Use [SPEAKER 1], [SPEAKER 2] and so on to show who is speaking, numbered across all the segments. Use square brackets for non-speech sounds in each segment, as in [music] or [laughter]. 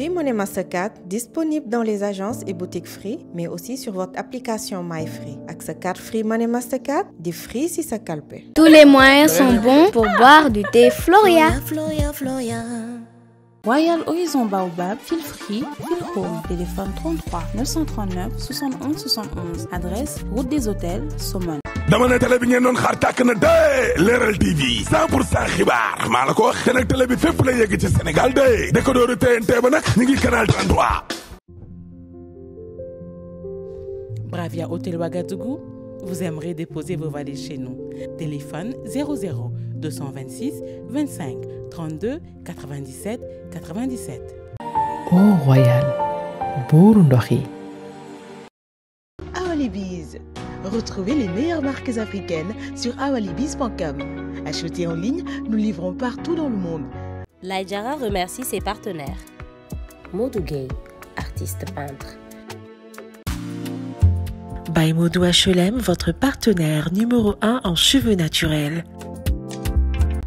[SPEAKER 1] Free Money Mastercard disponible dans les agences et boutiques Free, mais aussi sur votre application MyFree. Avec Free Money Mastercard, des Free si ça calpe. Tous les moyens sont bons pour boire du thé Floria. Royal Horizon Baobab, feel free, feel home. Téléphone 33 939 71 71. Adresse Route des Hôtels, Saumon.
[SPEAKER 2] dama télé bi ngeen doon xaar tàkk na de Leral TV 100 pour cent xibaar maa la ko wax te nag télé bi fépp la yegg ci Sénégal de décodeur TNT ba nag ñu ngi canal 33.
[SPEAKER 3] Bravia
[SPEAKER 1] Hôtel Ouagadougou, vous aimerez déposer vos valises chez nous. Téléphone 00 226 25 32 97 97.
[SPEAKER 4] au royal Burundori.
[SPEAKER 1] Awalibiz. Retrouvez les meilleures marques africaines sur awalibiz.com. Achetez en ligne, nous livrons partout dans le monde. Laïdjara remercie ses partenaires. Gay artiste peintre.
[SPEAKER 4] By HLM, e votre partenaire numéro 1 en cheveux naturels.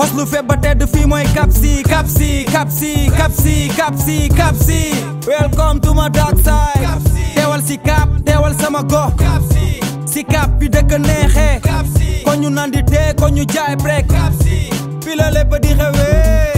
[SPEAKER 2] xos lu feeb ba tedd fii mooy kapsi kapsi kapsi kapsi kapsi kapsi welcome to my dark side teewal si kap teewal sama gox si kap bi dëkk neexee ko nandi tee ko jaay brek fii la lépp di xewee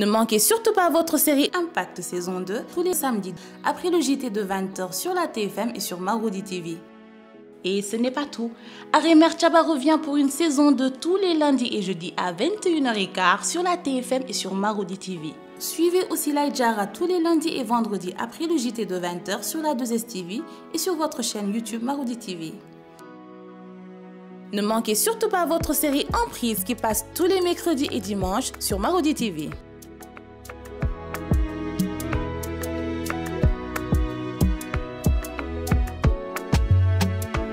[SPEAKER 1] Ne manquez surtout pas votre série Impact saison 2 tous les samedis après le JT de 20h sur la TFM et sur Maroudi TV. Et ce n'est pas tout. Arémer Chaba revient pour une saison 2 tous les lundis et jeudis à 21h15 sur la TFM et sur Marodi TV. Suivez aussi Jara tous les lundis et vendredis après le JT de 20h sur la 2 TV et sur votre chaîne YouTube Maroudi TV. Ne manquez surtout pas votre série Emprise qui passe tous les mercredis et dimanches sur Marodi TV.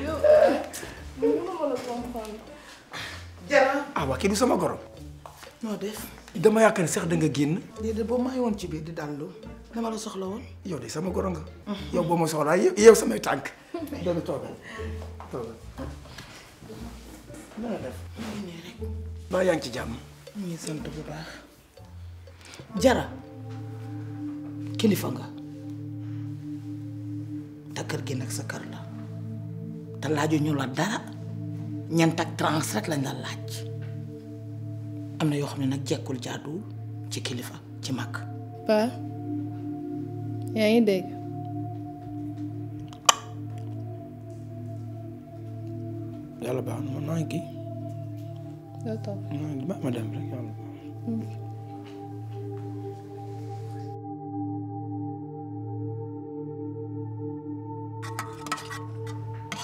[SPEAKER 2] yow mënuma ko Jara. ah kii du sama goro. noo def. dama yaakaar sax da nga génn. déedéet boo may woon ci biir di dallu dama la soxla woon. yow de sama goro nga. yow boo ma soxlaa yow samay tànk. doon toogal toogal. na nga ci jàmm. ñu ngi sant bu Jara kilifa nga. te kër gi nag sa kër la te ñu la dara ñent ak trans rek lañ la laaj am na yoo xam ne nag jekkul jaaduwul ci kilifa ci mag.
[SPEAKER 4] pa yaa ngi dégg.
[SPEAKER 2] yàlla baax na man maa ngi kii.
[SPEAKER 3] ma dem rek yàlla
[SPEAKER 4] baax.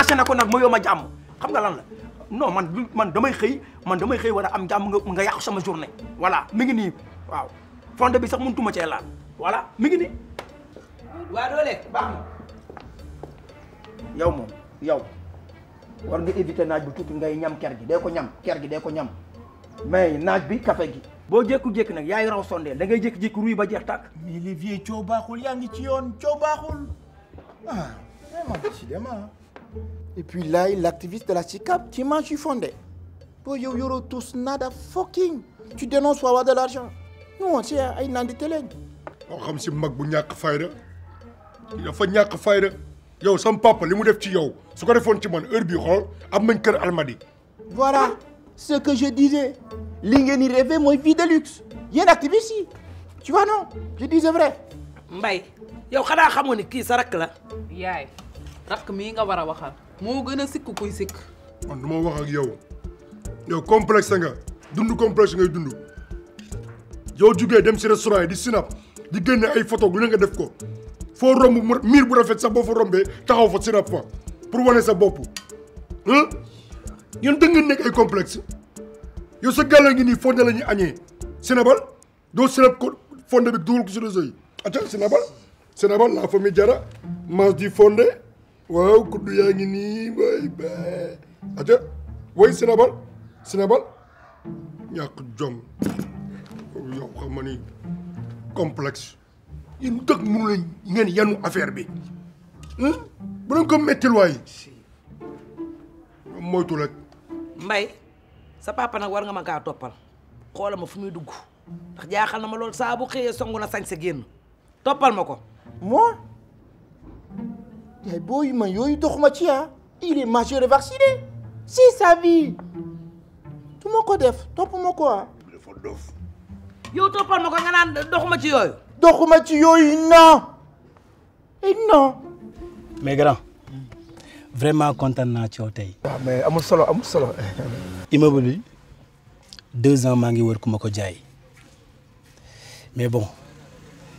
[SPEAKER 2] enchaîné ko nak ma yoma jàmm xam nga lan la non man man damay xey man damay xey wala am jam nga yak sama journée voilà mi ngi ni waaw fonde bi sax mënutuma ci laal voilà mi ngi nii waa doole baax na yow mom yow war nga éviter naaj bu tuti ngay ñam ker gi dee ko ñam ker gi dee ko ñam mais naaj bi café gi bo jekku jek nak yaay raw sondeel da ngay jek jek ruy ba jeex tak mais les vieux baxul yaangi ci yoon baxul ah vraiment décidément Et puis là, l'activiste de la CICAP qui m'a chiffondé. Pour yo yoro tous nada fucking. Tu dénonces pour avoir de l'argent. Nous, on sait, il n'a dit télé. On comme si mag bu ñak fayda. Il a fa ñak fayda. Yow sam papa limu def ci yow. Su ko defone ci man heure bi xol am nañ kër almadi. Voilà ce que je disais. Li ngeen ni rêvé moy vie de luxe. Yeen activiste ici. Tu vois non Je disais vrai. Mbay, yow xana xamone ki sa rak la. Yaay. rakk mi nga wara waxal mo gën sikku kuy man du wax ak yow yow complexe nga dundu complexe ngay dundu yow jugee dem ci restaurant di sinap di génne ay photo lu nga def ko fo rombu miir bu rafet sa bo fo rombee taxaw fa sinap fa pour woné sa bopp yéen da ngeen nek ay complexe yow sa gàlla ngi ni fo la lañu añee sinabal do sinap ko fondé bi dul ko ci réseau yi attends sinabal sinabal la famille jara mas di fonde waaw kudd yaa ngi nii bay bay woi way sinabal sinabal ñàkk ya, jom yow xam oh, ya, ni complexe yéen mulai mënu yang ngeen yanu affaire bi hmm? bu leen ko mettil waay moytu rek mbay sa papa nag war nga ma kaa toppal xoola ma fu muy dugg ndax jaaxal na ma lool saa bu xëyee na sañ sa génn toppal ma ko Hein. Il est majeur et vacciné. C'est sa vie. Tout mon toi pour mon quoi. Le Yo, topal mon kanganan, dokumati yoy. de yoy, non. Et non. Mais grand, vraiment content na la tay. mais amul solo, Il solo. [laughs] Immeuble deux ans ma wër Mais bon,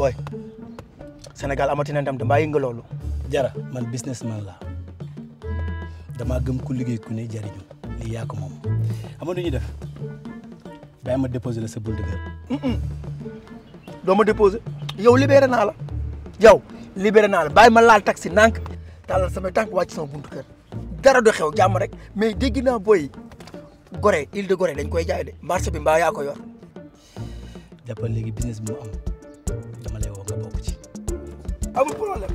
[SPEAKER 2] booy Sénégal amatina ndam te mbaa yëngu loolu. jara man businessman la damaa gëm ku liggéey ku ne jariñu lii yaa moom xam nga ñuy def ma déposé la sa buntu kër. doo ma déposé yow libéré naa la yow libéré naa la bàyyi ma laal taxi nànk tàllal samay tànk wàcc sama buntu kër dara du xew jàmm rek mais dégg naa booy Gorée Île de Gorée lañ koy jaay de marché bi mbaa yaa ko yor. jàppal léegi business bi mu Apa problem?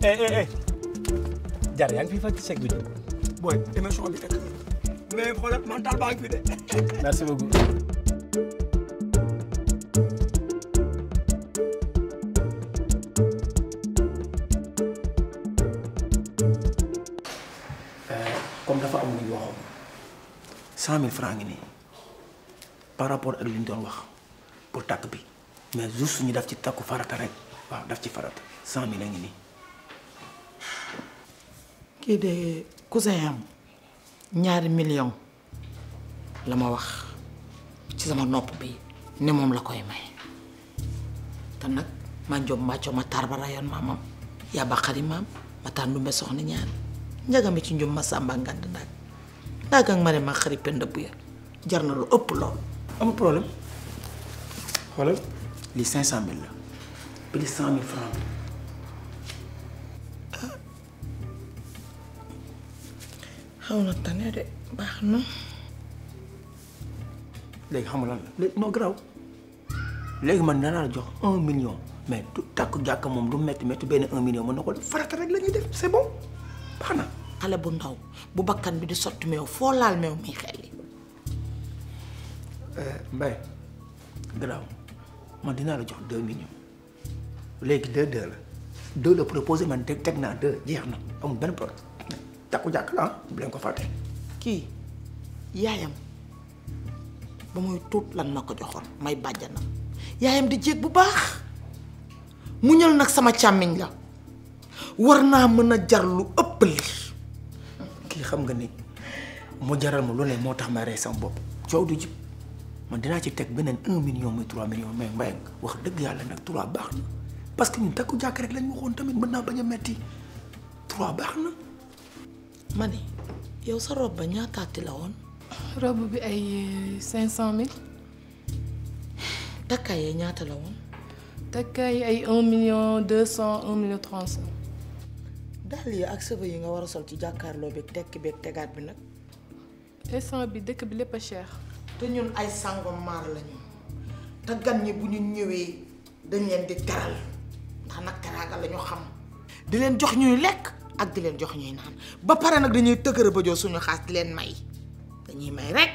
[SPEAKER 2] Eh eh eh. Jar yang FIFA tu saya gudi. Boy, emang suka bila kau. Mereka problem mental bang FIFA. Nasib bagus. Eh, Sama frang ini, para por elindon wah, por takbi, mezus nyidak cipta ku farak karek, waaw daf ci farata cent mille a ngi nii
[SPEAKER 4] kii de cousin am ñaari million la ma wax
[SPEAKER 2] ci sama nopp bi ne moom la koy may te nag man jom màccoo ma taar ba rayoon maamam yaa baqari maam ma taar ndumbe soxna ñaan njagame ci njum ma sàmba ngànd nag ndaag ak ma ne ma xari pend ya jar na lu ëpp loolu am problème xoolal lii cinq cent mille la plus de cent mille
[SPEAKER 4] na ah. tane de baax na.
[SPEAKER 2] léegi xam nga lan la léegi noo garaaw léegi man danaa la jox un million mais du takk jàkk moom du métti métti benn un million mën na ko farata la ñuy def c'est baax na. xale bu ndaw bu bakkan bi di sotti meew foo laal meew muy xelli. Euh, Mbaye garaaw man dinaa la jox deux millions. léegi deux deux la deux la proposé man teg teg naa deux jeex na amul benn problème takku jàkk la ah bu leen ko fàtte. kii yaayam ba muy tuut lan ma ko joxoon may bàjjanam yaayam di jéeg bu baax mu ñal nag sama càmmiñ la war naa mën a jar lu ëpp lii kii xam nga ni mu jaral ma lu ne moo tax ma rey sama bopp coow du jib man dinaa ci teg beneen un million muy trois millions mais mbay wax dëgg yàlla nag trois baax na. parce que ñun takku jàkk rek lañ waxoon tamit mën naa bañ a metti trois baax na. ma ne yow sa robe ba ñaataati la woon.
[SPEAKER 4] robe bi ay cinq cent mille. takkaay ñaata la yi ay un million deux cent un million trois cent. daal yi ak sëb yi nga war a sol
[SPEAKER 2] ci jàkkaarloo bi tekki beeg tegaat bi nag.
[SPEAKER 4] instant bi dëkk bi lépp a cher. te
[SPEAKER 2] ñun ay sangomar lañu te gan ñi bu ñu ñëwee dañ leen di teral. xam nag teraanga la ñu xam di leen jox ñuy lekk ak di leen jox ñuy naan ba pare nag dañuy tëkkër ba joo suñu xaas di leen may dañuy may rek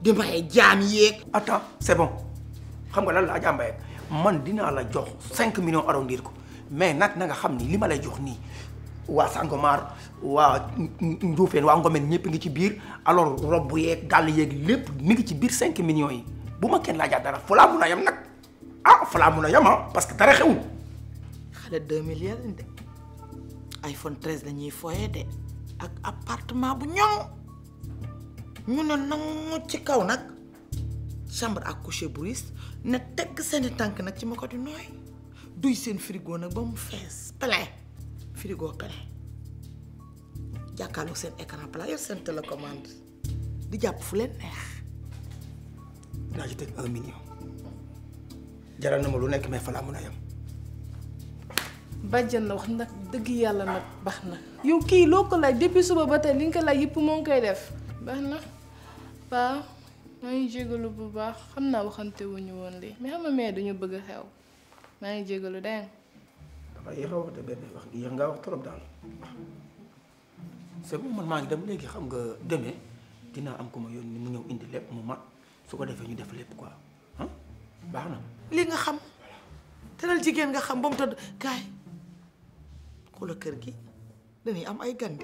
[SPEAKER 2] di maye jaam yéeg attends c'est xam nga lan la Adja Mbaye man dinaa la jox cinq millions arrondir ko mais nag na nga xam ni li ma lay jox nii waa Sangomar waa Njuufeen waa Ngomen ñëpp ngi ci biir alors robb yeeg dàll yeeg lépp mi ngi ci biir cinq millions yi bu ma kenn laajaat dara fa laa mun a nag ah fa laa a yem ah, parce que dara xale 2000 ya lañ de iPhone 13 la ñuy foyee de ak appartement bu ñoŋ ñu ne nangu ci kaw nag chambre à coucher bu riis ne seeni tànk nag ci ma ko di nooy duy seen frigo nag ba mu fees plein frigo plein jàkkaarloog seen écran plat yor seen télécommande di jàpp fu leen neex. dinaa ci teg un million jaral na ma lu nekk mais fa laa a yem.
[SPEAKER 4] bàjjan la wax nag dëgg yàlla nag baax na. yow kii loo ko laaj depuis suba ba tey li nga ko laaj yëpp moo ngi koy def. baax na paa ngi jégalu bu baax xam naa waxante wuñu woon mais xam mais dañu bëgg xew maa ngi jégalu dégg
[SPEAKER 2] nga. wax de benn wax yéex maa ngi dem léegi xam nga demee dinaa am ko ma yónni mu ñëw indi lépp mu mat su defee ñu def lépp quoi ah baax te dal jigéen nga xam ba mu tëdd kaay. xoola kër gi dañuy am ay gan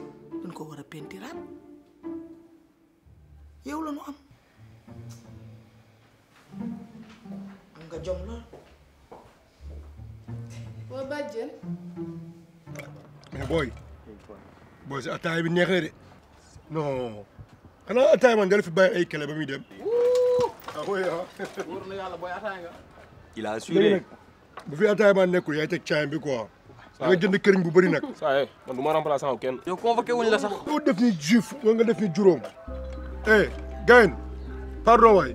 [SPEAKER 2] dañ ko war a pentiraat yow la nu am am nga jom lool waa bàjjen mais booy booy si attaay bi neex na de non xanaa attaay man dal fi bàyyi ay kele ba muy dem
[SPEAKER 3] ah oui ah. wóor na yàlla booy attaay nga. a assuré
[SPEAKER 2] bu fi attaay nekkul yaay teg caayam bi quoi. da nga jënd këriñ bu bëri nag.
[SPEAKER 3] saa man du ma la sax.
[SPEAKER 2] yow def ni juif yow nga def ni juróom. eh gayen pardon waay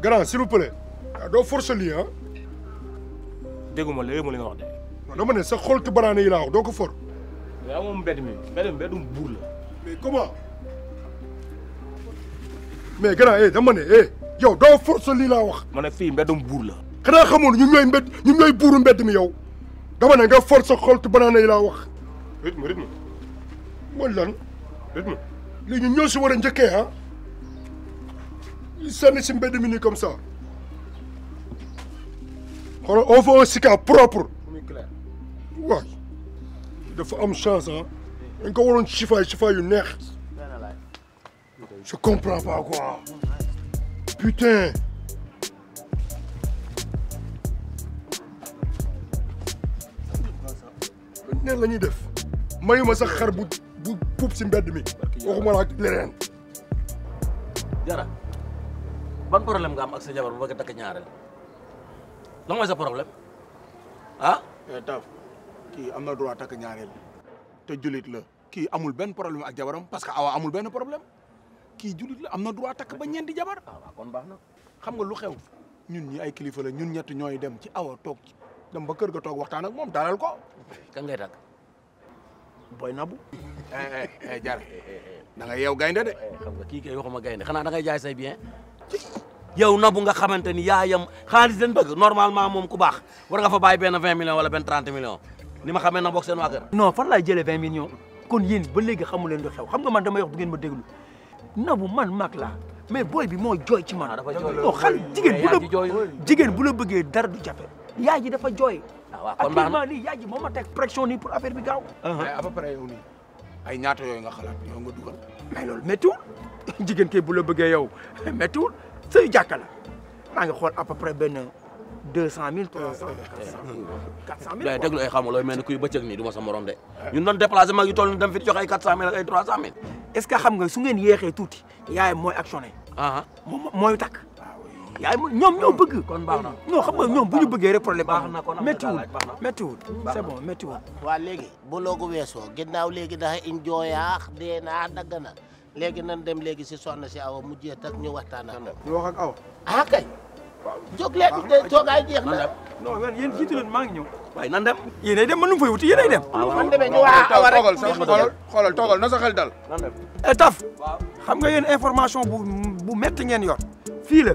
[SPEAKER 2] grand s'il vous ah, doo forcer lii ah.
[SPEAKER 3] dégguma léegi ma li nga wax de.
[SPEAKER 2] non dama ne sa xoltu banaane yi laa wax doo ko for.
[SPEAKER 3] yaa moom mbedd mi mbedd mi mbeddum buur la.
[SPEAKER 2] mais comment. mais grand eh dama ne eh yow doo forcer lii wax.
[SPEAKER 3] ma ne fii mbeddum buur la.
[SPEAKER 2] xanaa xamoon ñun ñooy mbedd ñun ñooy buuru mbedd mi yow. dama ne nga force xoltu banana yi laa wax rythme rythme mooy lan rythme li ah. ñu ñoo ci wara ñëkke ha ah sànni si mbedd mi nii comme ça xoolal on veut un Sika propre waay dafa am chance ah en ko waroon chifaay chifaay yu neex
[SPEAKER 3] je comprends pas quoi putain
[SPEAKER 2] neen lañuy def mayuma sax xar bu bu pup ci mbedd mi waxuma la leneen jara ban problème nga am ak sa jabar bu bëgg takk ñaaral lan moy sa problème ah eh, taf taw ki amna droit tak ñaaral te julit la ki amul ben problème ak jabaram parce que awa amul ben problème ki julit la amna droit tak ba ñeenti jabar ah kon baxna xam nga lu xew ñun ñi ay kilifa la ñun ñett ñoy dem ci awa tok ci dem ba kër ga toog waxtaan ak moom dalal ko. kan ngay tàgg. booy nabu. jar da nga yeew gaynde de. Eh, xam nga kii kay waxuma gaynde xanaa da ngay jaay say bien. yow nabu nga xamante ni yaayam xaalis dañ bëgg normalement moom ku baax war nga fa bàyyi benn vingt millions wala benn trente millions ni ma xamee na bokk seen waa kër. non fan laay jëlee vingt millions kon yéen ba léegi xamu leen lu xew xam nga man dama yox bu ngeen ma déglu nabu man mag laa mais booy bi moo jooy ci man. Ah, dafa jooy xal jigéen bu la jigéen bu la bëggee dara du jafe. yaay ji dafa jooy. Ah, waaw kon baax na actuellement nii yaay ji moo ma teg pression nii pour affaire bi gaaw. Uh-huh. mais à peu près yow nii ay ñaata yooyu nga xalaat yow nga dugal. mais loolu méttiwul [laughs] jigéen kay bu la bëggee yow [laughs] méttiwul sëy jàkka la maa ngi xool à peu près benn. deux cent mille trois cent quatre cent mille. déglu ni kuy bëccëg nii ma morom de. ñun doon déplacé mag yu toll nii dem fi jox ay quatre cent mille ak ay trois cent mille. est ce que xam nga su ngeen yéexee yaay mooy actionné. Ah, ah. moom mooy takk. yaay ma ñoom ñoo bëgg. kon baax na non xam nga ñoom bu ñu bëggee rek problème baax na kon méttiwul méttiwul c'est bon méttiwul.
[SPEAKER 3] waa léegi bu loogu weesoo ginnaaw léegi dafa in jooyaax dee naa dagg na léegi nan dem léegi si soxna si awa mu jeet ak ñu waxtaan ak
[SPEAKER 2] ñu wax ak awa. ah kay. waaw jóg leen de toogaay jeex na. non man yéen jiitu leen maa ngi ñëw. waaye nan dem yéenay dem man nu mu fay wuti yéenay dem. Ah, waaw waaw toogal sax xoolal xoolal toogal na sa xel dal. nan dem eh, taf xam nga yéen information bu bu métti ngeen yor fii la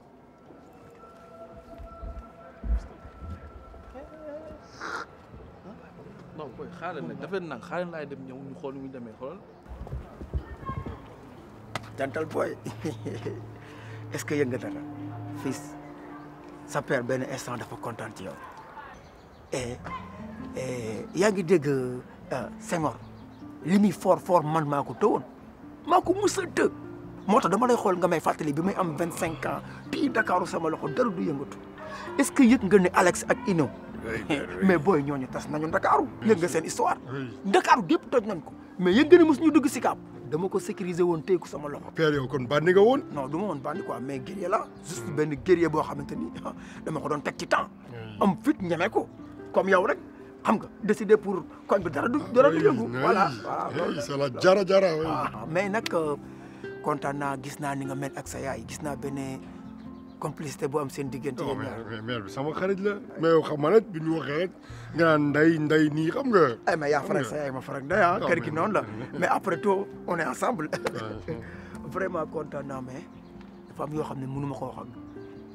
[SPEAKER 2] non booy nag dafa nang xaaral laay dem ñëw ñu xool nu muy demee xoolal. jantal booy [laughs] est-ce que yënga dara fii sa père benn instant dafa kontaan ci yow. et eh, eh, yaa ngi dégg euh, Senghor li muy foor fort man maa ko tëwoon maa ko mus moo tax dama lay xool nga may fàttali bi may am vingt cinq ans pii Dakaaru sama loxo dara du yëngatu. est-ce que yëg nga ne Alex ak Ino mais booy ñooñu tas nañu Ndakaaru yëg nga seen histoire Ndakaaru gépp toj nañ ko mais yëg nga ne mosuñu dugg Sicap dama ko sécuriser woon téye ko sama loxo. père yow kon bandi nga woon. noo du ma woon bandi quoi mais guerrier la juste benn guerrier boo xamante ni ah, dama ko doon teg ci temps. am fit ñeme ko comme yow rek xam nga décider pour koñ bi dara du dara du yëngu. voilà voilà c'est la jara jara. Ah, mais nag euh, kontaan naa gis naa ni nga mel ak sa yaay gis naa benn. bu am sama xarit la mais xam mais après tout on est ensemble [laughs] vraiment content mais dafa am ne mënu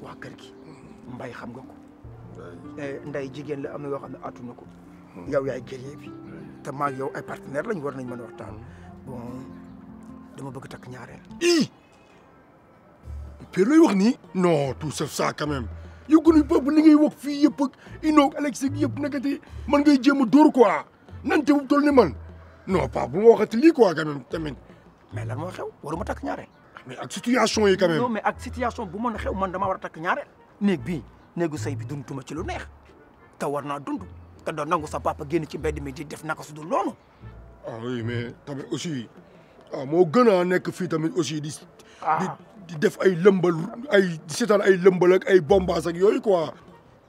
[SPEAKER 2] waa kër mbay xam nga ko eh, nday la am na yoo xam yow yaay bi partenaire nañ a waxtaan bon dama bëgg affaire looy wax nii. non tout sauf ça quand même yow gënuñ peuple li ngay wax fii yëpp ak Inoog Alex ak yëpp nekkati man ngay y a dóor quoi nan te bu toll ni man non pas bu ma waxati lii quoi quand même tamit. mais lan moo xew waruma takk ñaareel.
[SPEAKER 3] mais ak situation yi quand même. non
[SPEAKER 2] mais ak situation bu y a xew man Il y a takk ñaareel. néeg bii néegu bi dunduma ci lu neex te war naa dund te doo nangu sa papa génn ci mbedd mi di def naka su dul loolu. ah oui mais tamit aussi ah Il y a nekk tamit aussi di. Ah. di di def ay lëmbal ay qui ay lëmbal ak ay bombas ak yooyu quoi.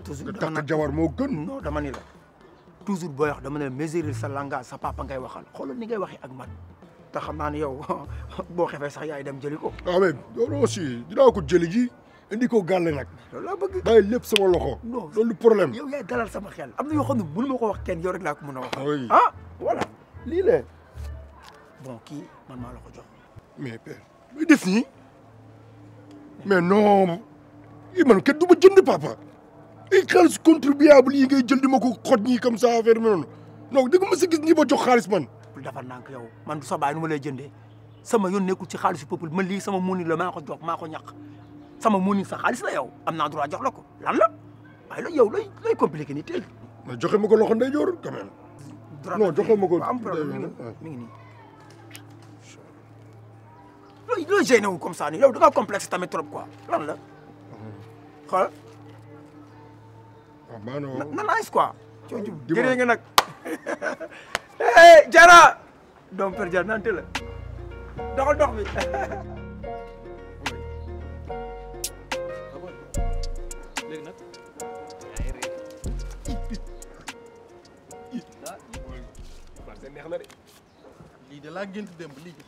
[SPEAKER 2] toujours dama takk jawar moo gën. non dama ni la toujours booy wax dama ne mesurer sa langage sa papa ngay waxal xoolal ni ngay waxee ak man. te xam naa yow [laughs] boo xefee sax yaay dem jëli ko. waaw ah, mais loolu aussi dinaa ko jëli ji indi ko gàlle bëgg. sama loxo. non problème. yow yaay dalal sama xel am mënu wax yow rek ko wax. ah, ah voilà li le bon kii man maa la ko jox. mais père def mais non i man kenn du ma jënd papa i xaalis contribuable yi ngay jël di ma ko xoj ñii comme ça affaire bi noonu non dëgg ma si gis ñi ma jox xaalis man bul defar nànk yow man du sa baay nu ma lay jëndee sama yoon nekkul ci xaalisu peuple man lii sama moni la maa ko jox maa ko ñàq sama moni sa xaalis la yow am naa droit jox la ko lan la waaye la yow lay lay compliqué nii teel mais joxe ma ko loxo ndeyjoor quand même non joxe ma ko ah. mi ngi nii looy looy wu comme ça nii yow da tamit trop quoi lan la xool. Ah, waaw maa noo na nice quoi. Ah, coono [laughs] Jara. doom per Jara nante la doxal dox bi. [laughs]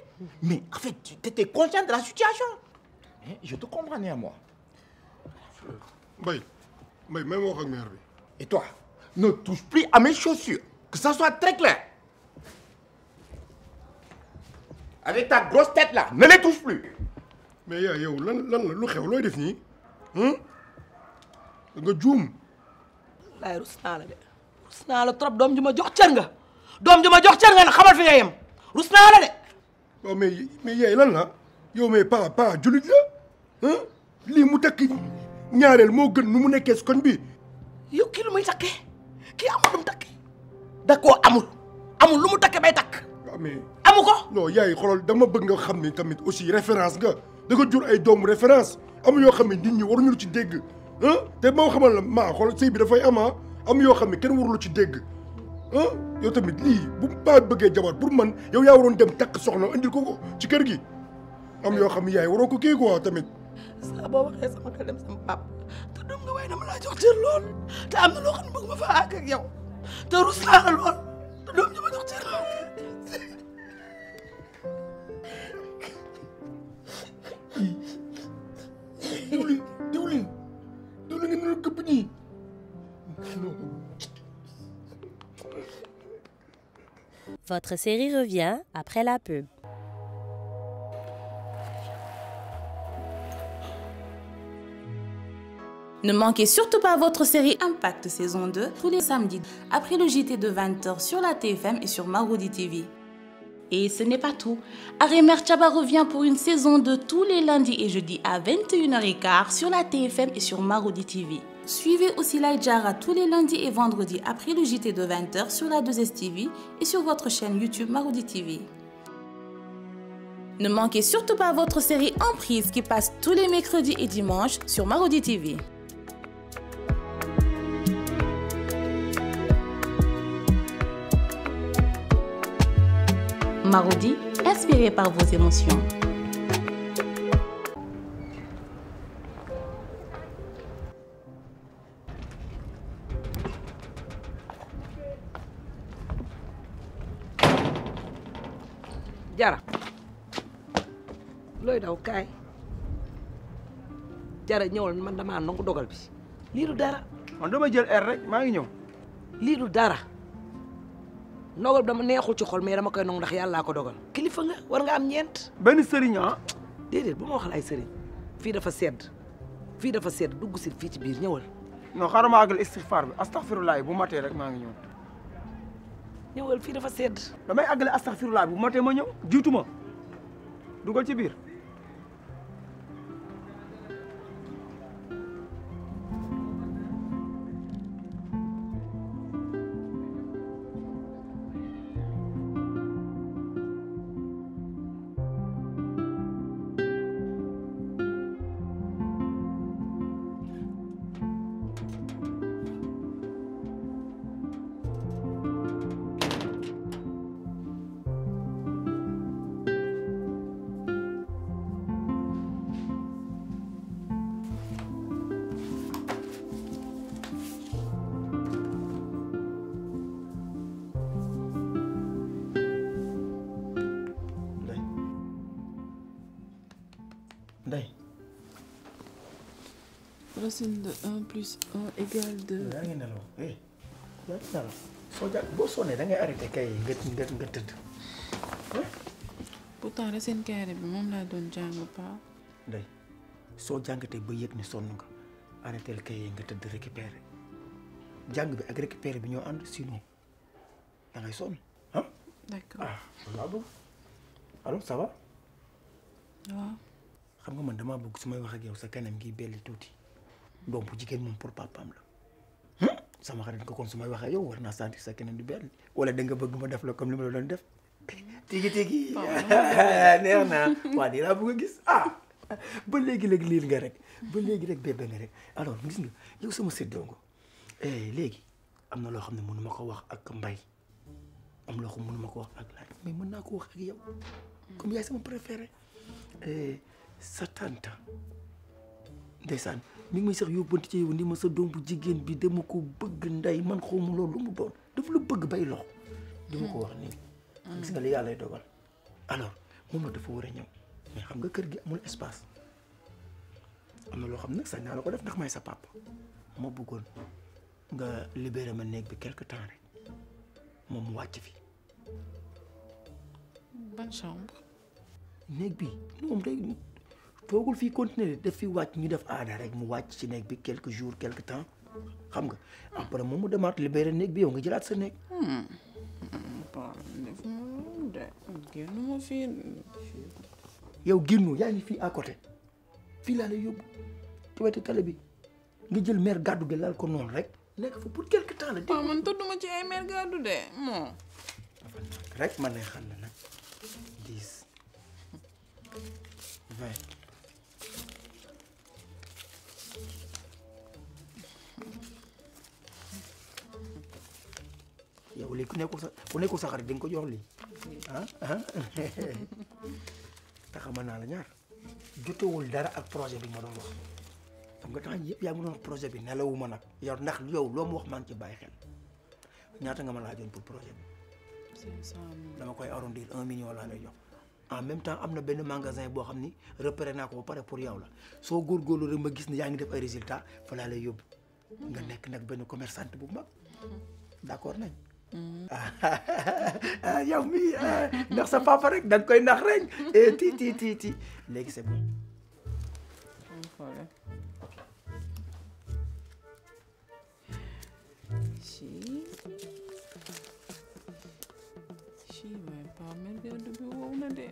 [SPEAKER 2] Mais en fait, tu étais conscient de la situation. Hein, je te comprends moi. Euh, même Et toi, ne touche plus à mes chaussures. Que ça soit très clair. Avec ta grosse tête là, ne les touche plus. Mais yo, yo, lan lan lu xew def hum nga de trop nga nga xamal Oh, mais mais yaay lan la yow mais paa Il est la lii mu takk ñaareel moo gën nu mu nekkee si est bi yow kii lu muy takkee amul lu mu takkee est amul amul lu mu bay ah, non yaay xoolal dama bëgg nga tamit aussi référence nga da nga ay doomu référence am yoo xam ne nit est waruñu Il ci dégg hein? te moo xamal la maa xool sëy bi am ah? ci dégg yow tamit li bu ba beugé jabar pour man yow ya waron dem tak soxna andil ko ko ci kër gi am yo xam yaay waroo ko kii quoi tamit. sa bo waxee sama ka dem sama pap te dum nga waaye dama la jox cër lool te am na loo xam bëgg ma fa ak ak yow te rus naa la lool te dum ñu ma jox cër lool. diwlin diwlin diwlin nga ne la këpp ñii.
[SPEAKER 1] Votre série revient après la pub. Ne manquez surtout pas votre série Impact saison 2 tous les samedis après le JT de 20h sur la TFM et sur Marodi TV. Et ce n'est pas tout. Arémer Chaba revient pour une saison 2 tous les lundis et jeudis à 21h15 sur la TFM et sur Marodi TV. Suivez aussi Laïdjara tous les lundis et vendredis après le JT de 20h sur la 2 TV et sur votre chaîne YouTube Maroudi TV. Ne manquez surtout pas votre série Emprise qui passe tous les mercredis et dimanches sur Marodi TV. Marodi, inspiré par vos émotions. jara
[SPEAKER 2] looy daw kaay jara ñëwal man damaa nangu dogal bi liiru dara man dama jël air maa ngi ñëw lii du dara dogal dama neexul ci xol mais dama koy nangu ndax laa ko dogal kilifa nga war nga am ñeent benn sëriñ ah bu ma waxal ay sëriñ fii dafa sedd fii dafa sedd dugg si fii ci biir ñëwal non xaaral ma àggal istixfaar bi astaxfirullaah bu matee rek maa ngi ñëw ñëwal fii dafa sedd. damay está astaxfirullaa bu motee o ñëw jiitu ma dugal ci biir.
[SPEAKER 4] racine plus 1 égale 2. yaa ngi nelaw eh yaa ngi nelaw
[SPEAKER 2] soo jàpp boo sonnee da ngay arrêté eh? bi soo jàngatee ba yëg ni sonn nga arrêté kay nga tëdd récupéré jàng bi ak récupéré bi ñoo ànd sinon da ngay sonn ah. ah xam nga man damaa bëgg su may wax ak yow sa kanam gi belli tuuti. doom bu jigéen moom pour papaam la hmm? sama xarit nga kon su may waxee yow war naa sentir sa keneen di benn wala da nga bëgg ma def la comme li ma la doon def tigi tigi [laughs] neex na waa di laa bëgg a gis ah ba léegi léegi liil nga rek ba léegi rek bébé nga rek alors gis nga yow sama séddoo nga eh, léegi am na loo xam ne mënu ma ko wax ak mbay am loo xam mënu ma ko wax ak laaj mais mën naa ko wax ak yow comme yaay sama préféré eh, sa tante ndeysaan mi ngi may sax yóbbante ci yow nii ma sa doom jigéen bi dama ko bëgg nday man xaw ma loolu lu mu doon daf la bëgg bay loxo di ma ko wax nii gis nga dogal alors moom la dafa a ñëw mais xam nga kër gi amul espace am na loo xam nag sax naa la ko def ndax may sa pàpp ma bëggoon nga libéré ma néeg bi quelque temps rek moom mu wàcc fi ban néeg bi moom day Faut que continuer def fi wacc ñu def aada rek mu wacc ci bi quelques jours quelques temps xam nga après momu mu libérer libéré bi yow nga ne sa pas yow gennu yaa ngi fi à côté fi la lay yóbbu ci Je tale bi nga jël mer gàddu gi ko noonu rek nekk fa pour
[SPEAKER 4] quelque temps la. Ah, man tudduma ci ay mer gàddu de
[SPEAKER 2] rek man lay ne ko sa ku nekkul ko ah ah la ñaar jotewul dara ak projet bi ma doon wax xam nga tax yëpp yaa ngi doon projet bi nelawuma nag yow ndax yow loo mu wax maa ngi ci bàyyi kan. xel ñaata nga ma pour projet bi. dama koy ya, arrondir un eh, million laa lay jox. en même temps am na benn magasin ni repéré naa ko ba pare pour yow la soo góorgóorlu rek Mm. [laughs] ah, yow ah, sa papa rek da nga koy nax eh, ti ti ti ti Leg c'est bon.
[SPEAKER 4] pas de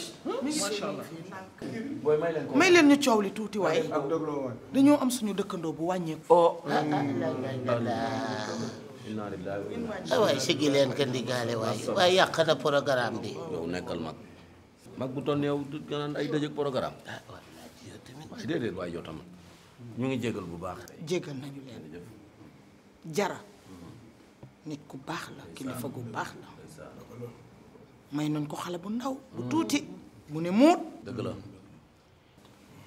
[SPEAKER 2] may len ñu ciowli li way dañu am suñu dekkando bu wàññeeku. oh. waaye hmm. sigi leen ka ndigaale waaye waaye yàq na programme bi. yow nekkal mag mag bu toll du gën ay dajëg programme. ah waaw yow ñu ngi bu baax. nañu jara nit ku baax la kilifa gu baax la may nañ ko xale bu ndaw bu tuuti bu ne la.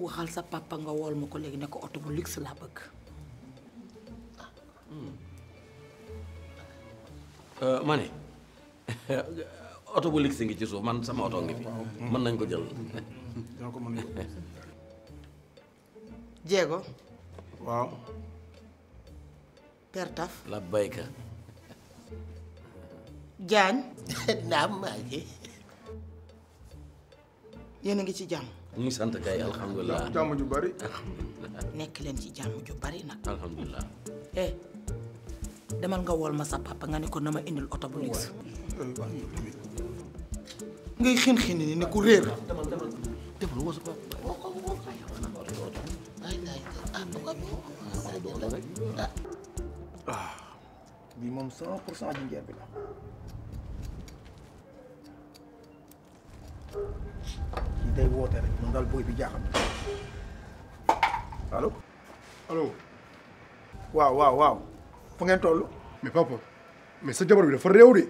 [SPEAKER 2] waxal sa papa nga wol mako legi ne ko auto bu luxe la bëgg hmm. euh mané [laughs] auto bu luxe ngi ci suuf man sama auto ngi fi man nañ ko jël Diego waaw taf la bayka jagne [laughs] naam maa ngi yéen ngi ci jàmm ñu ngi sant kay jamu ju bari nek len ci jamu ju bari nak alhamdullah eh demal nga wol ma sa papa nga ne ko nama indil auto bu luxe ngay xin xin ni ne ko reer demal demal demal wo sa papa ah kii day bi jaaxal allo. waaw waaw waaw. fu ngeen toll. mais papa mais sa jabar bi dafa réew de.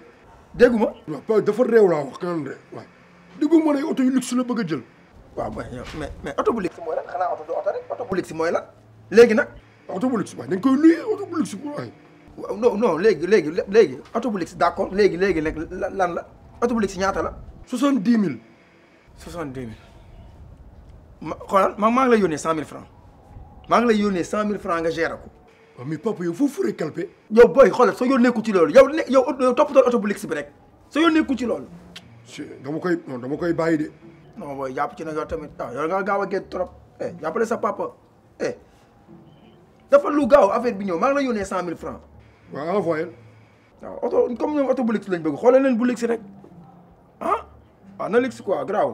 [SPEAKER 2] déggu ma. waaw papa dafa réew laa wax kanam de waaw. ne oto yu luxe la bëgg a jël. waaw mooy mais mais oto bu luxe mooy la xanaa oto oto rek mooy lan léegi nag. oto bu luxe waaye dañ koy luye oto bu luxe waaye. waaw léegi léegi léegi oto bu luxe d'accord léegi léegi nag lan la oto bu luxe ñaata la. soixante-dix mille. soixante 000.. mille ma xoolal ma francs Je ngi vous donner 100 000 francs nga gérer ko. mais papa vous foo furee yo yow booy xoolal soo yónnee ku ci loolu Vous ne yow toppatoo oto bu bi rek soo yónnee ku ci loolu. dama koy non dama koy bàyyi de. non booy jàpp ci na yow tamit ah yow nga gaaw a trop eh jàppale sa papa eh Vous lu gaaw affaire bi ñëw maa ngi lay yónnee francs. waaw envoyé. waaw ah, oto comme de oto bu luxe bëgg xoolal leen bu luxe rek ah ah na de quoi grave.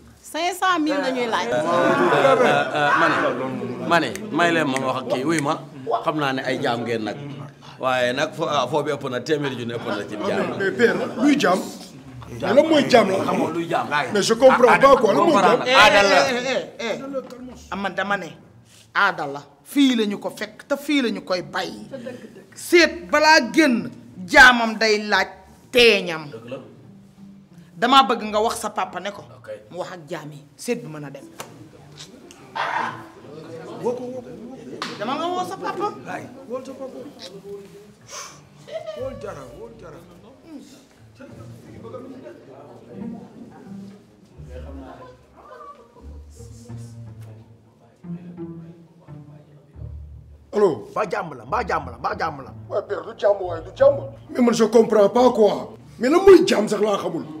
[SPEAKER 1] cinq cent mille la ñuy laaj.
[SPEAKER 2] ma ma ne may leen ma wax ak kii wuy ma xam naa ne ay jaam ngeen nag waaye nag fo ah, foo bi ëpp na téeméeri ëpp na luy jaam. jaam lan mooy la xamoo jaam. mais eh, eh, eh, dama ne aadal fii lañu ko fekk te fii lañu koy bay. seet balaa génn jaamam day laaj teeñam. dama bëgg nga wax sa papa ne ko mu wax ak jaam seet bi mën a dem
[SPEAKER 3] woo dama nga woo papa ay
[SPEAKER 2] woo sa papa woo
[SPEAKER 3] jara woo jara
[SPEAKER 2] allo. mbaa jàmm la mbaa jàmm la mbaa jàmm la. waaye père sax laa xamul.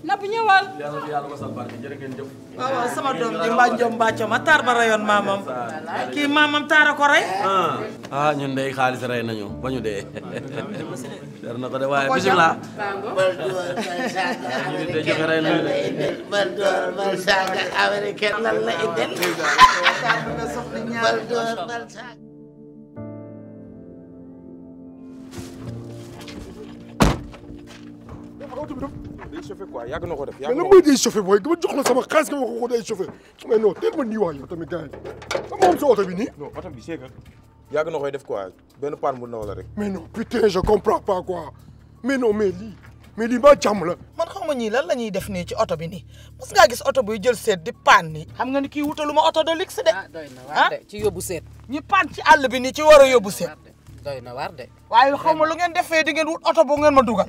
[SPEAKER 1] napp ñëwal.
[SPEAKER 2] yàlla yàlla wasal barke jërë ngeen jëf. waaw waaw sama a taar ba rayoon maamam. kii maamam taara ko rey. ah, ah dey xaalis rey nañu ba ñu dee. [laughs] jar ko de
[SPEAKER 4] bal door bal saaga américain lan la bal door
[SPEAKER 2] bal saaga
[SPEAKER 3] oto bi daf yàgg na ko def. yàgg na ko mais lan mooy na koy def quoi benn panne bu ndaw la rek.
[SPEAKER 2] mais non putain je comprends pas quoi lii mais lii ba jàmm la. man xam nga ñii lan la ñuy def nii ci oto bi nii mos ngaa gis oto buy jël seet di panne nii. xam nga ni kii wutaluma oto de luxe de. ah doy na waar de ci yóbbu seet. ñi panne ci àll bi nii ci war a seet. doy na waar de. waaye xaw ma lu ngeen defee di ngeen wut oto bu ngeen ma dugal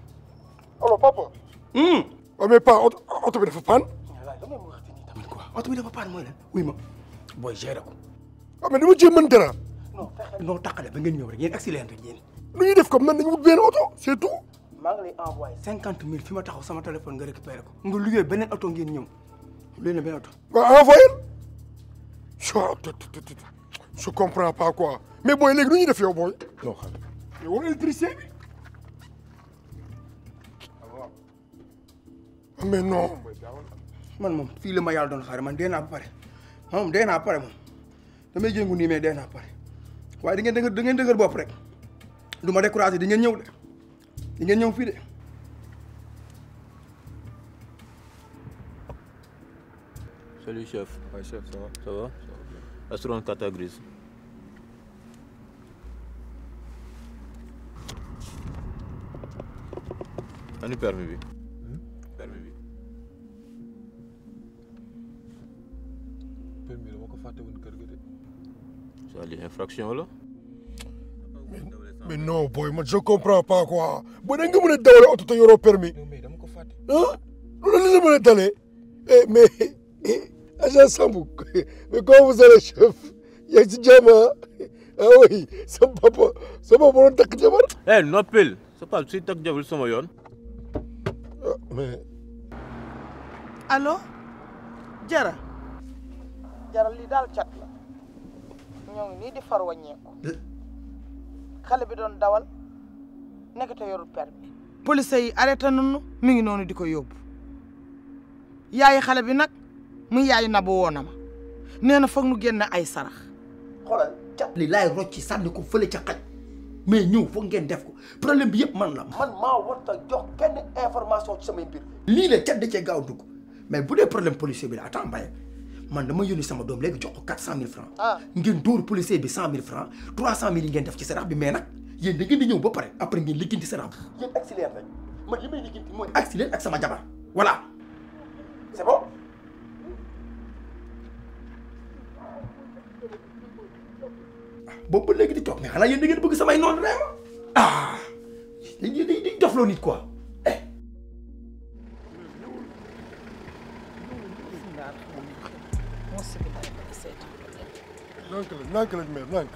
[SPEAKER 2] xooloo papa. waaw hmm. oh, mais pa oto bi dafa paan. waaw dama wax ni tamit quoi oto bi dafa paan mooy lan wuy ma booy gérer ko. waaw oh, mais dama cee mën dara. non fexe noo taqale ba ngeen ñëw rek yéen accéléré rek yéen. lu ñuy def comme nan dañu wut benn oto c'est tout. maa ngi lay envoyé cinquante mille fi ma taxaw sama téléphone nga récupéré ko. nga liggéey beneen oto ngeen ñëw lu ne beneen oto. waaw envoyé. soo je comprends pas quoi mais booy léegi nu ñuy def yow booy. mais non man moom fii la ma yàlla doon xaar man dee naa pare man moom dee naa pare moom damay jëngu nii mais dee naa pare waaye da ngeen dëgër da ngeen dëgër bopp rek du ma di ngeen ñëw de di ngeen ñëw fii de.
[SPEAKER 3] Salut chef. Ouais chef, ça va Ça va Ça va grise. Un permis, Salut, infraction là
[SPEAKER 2] mais, mais non, boy, moi je comprends pas quoi. Bon, tu peux dawal auto te yoro permis. Mais dama ko faté. Hein Lolu la mëna dalé. Eh mais eh, agent Sambou, mais comment vous allez chef Yaa ci jama. Ah? ah oui, sama papa, sama borom tak jabar.
[SPEAKER 3] Eh, noppil. C'est pas si tak jabar sama yoon. Ah, mais
[SPEAKER 2] Allô Djara, Jara li dal chat la. ñoo ngi nii di far wàññeeku xale bi doon dawal nekk te yorul permis police yi arrêté nañu mi ngi noonu di ko yóbbu yaay xale bi nag mu yaayu nabu woon na ma nee na foog nu génn ay sarax xoolal cap li laay rocci sànni ko fële ca xaj mais ñëw foog ngeen def ko problème bi yëpp man la man maa warta jox kenn information ci samay mbir lii la cat da cee gaaw dugg mais bu dee problème policier bi la attends mbaye man dama yónni sama dom 000 jox ko 400000 francs ah. ngeen le policier bi 100 000 francs 300 000 ngeen def ci bi mais après ngeen accélère rek man limay accélère ak voilà c'est bon Il ba di mais yeen da ngeen bëgg samay ah quoi ndànk lañ mère ndànk.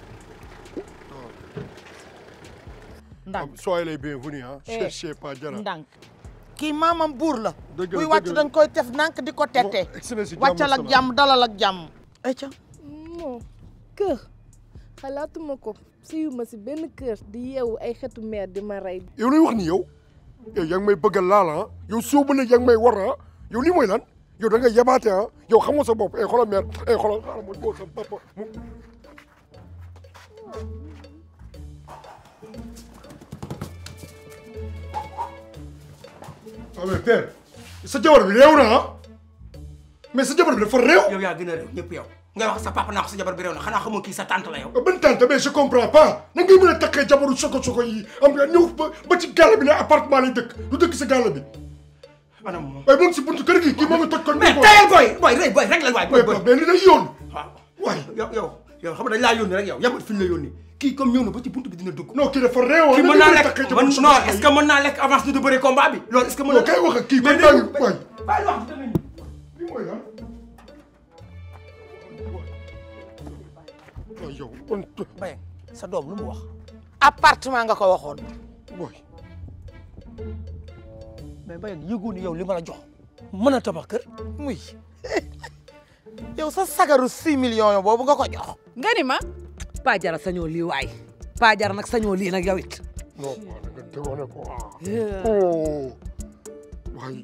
[SPEAKER 2] ndànk ah, soyez les bienvenus ah. cherchez kii maamam buur la. dëgg la buy wàcc dañ koy tef ndànk di ko tete. wàccal ak jàmm dalal ak jàmm. ayca.
[SPEAKER 4] non ko siyu ma si benn kër di yeewu ay xetu meer di ma rey.
[SPEAKER 2] yow luy wax ni yow. yow yaa ngi may bëgg a laal ah yow sóobu na yaa ngi may war ah yow lii lan yow da yebaate ah yow xamoo sa bopp ay eh, xoolal mère eh, ay xoolal xaaral ma sa papa ah mais père sa jabar bi réew na ah mais sa jabar bi dafa réew. yow yaa gën a réew ñëpp yow nga wax sa papa naa ko sa jabar bi réew na xanaa xamoo kii sa tante la yow. ban tante mais je comprends pas na ngay mën a takkee jabaru soko soko yi am nga ñëw ba ba ci gàll bi ne appartement lay dëkk du dëkk sa gàll bi. maanaam moom waaye moom si buntu kër gi yo, yo. ngi toj kon. mais tayal booy booy rek booy rek la waay. booy booy mais li lay yoon. waaw waay yow yow. yow xam nga dañ laa yónni rek yow yamut fi ñu la yónni kii comme ñëw na ba ci buntu bi dina dugg. non kii dafa réew. kii mën naa lekk non est-ce que mën naa lekk avance du bëri combat bi. loolu sa doom lu mu wax. appartement nga ko waxoon. booy. mais Mbaye yëgul ni yow li jox mën a tabax kër [laughs] yow sa sagaru million millions boobu nga ko jox. nga ni ma.
[SPEAKER 1] Paa Jara sañoo lii waay Paa nag sañoo lii nag yow it.
[SPEAKER 2] Ah. Oh, waay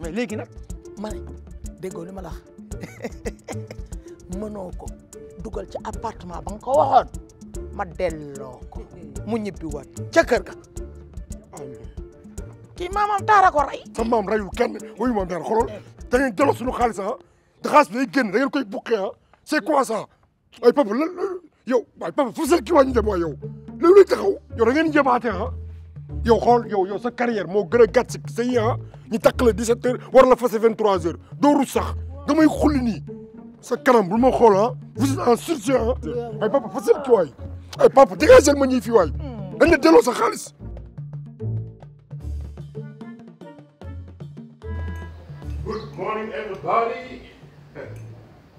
[SPEAKER 2] mais léegi nag ma ne déggoo li ma la [laughs] dugal ci appartement ba nga ko ma delloo ko mu ñibbi waat ca kër ga. kii maamam taara ko rey. sa maam reyu kenn wuyu maam dara xoolal da ngeen race day génn da ngeen koy buqee ah c'est quoi ça ay papa lan yow waaye papa fasal ki wàññi dem waay yow lan luy taxaw yow da ngeen jëbaate ah yow xool yow yow sa carrière moo gën a c'est si sa yi hein. ah ñu 17 h war la fase 23 h doo rus sax nga may xulli sa kanam bul ma xool hein vous êtes en sursis hein ay papa fasal ki waay ay papa dégagel ma ñuy fii waay dañ la delloo sa xaalis
[SPEAKER 3] Good morning, everybody.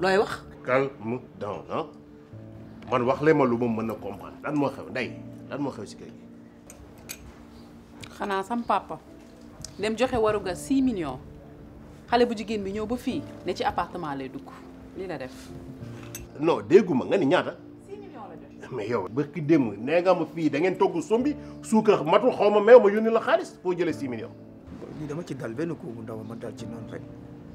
[SPEAKER 3] looy wax. calme down ah man wax le ma lu ma mën na comprendre lan moo xew ndey lan moo xew si kër gi.
[SPEAKER 1] xanaa sam dem joxe waruga 6 million xale bu jigéen bi ñëw ba fii ne ci apartement lay dugg li la def.
[SPEAKER 3] non dégguma nga ni ñaata. 6 yow ba ki démb nee nga ma fii da ngeen togg sombi suukar matul xaw ma meew ma yónni la xaalis foo jëlee 6 millions. lii dama ci dal benn kooku ndaw ma dal
[SPEAKER 2] ci noonu rek.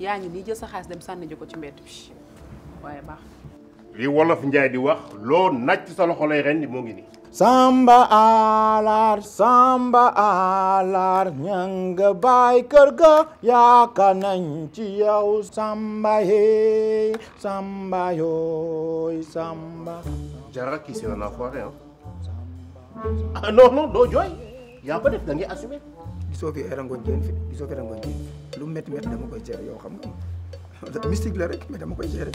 [SPEAKER 1] yaangi ni jël sa xaas
[SPEAKER 3] dem sanni ji ci mbedd bi waye bax li wolof njaay di wax lo nacc sa loxo lay rendi mo ngi ni samba alar, samba alar, ñang bay kër ga yaaka nañ ci yow samba he samba yo samba jara kii na un hein ah non non do joy ya ko def da ngay assumer
[SPEAKER 2] bisofi fi erangoñ jeen fi bisofi fi jeen fi lu métti métti dama koy gérer yow xam nga [laughs] mystique la rek mais dama koy gérer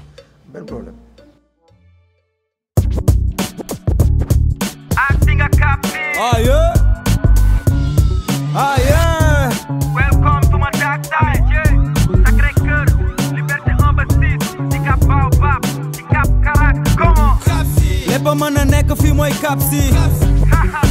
[SPEAKER 2] benn problème. ah Aye. Welcome to my dark side. Sacré cœur, liberté embastisse. Dicap baobab, dicap karak, comment? Lépp mën a nekk fii mooy cap si.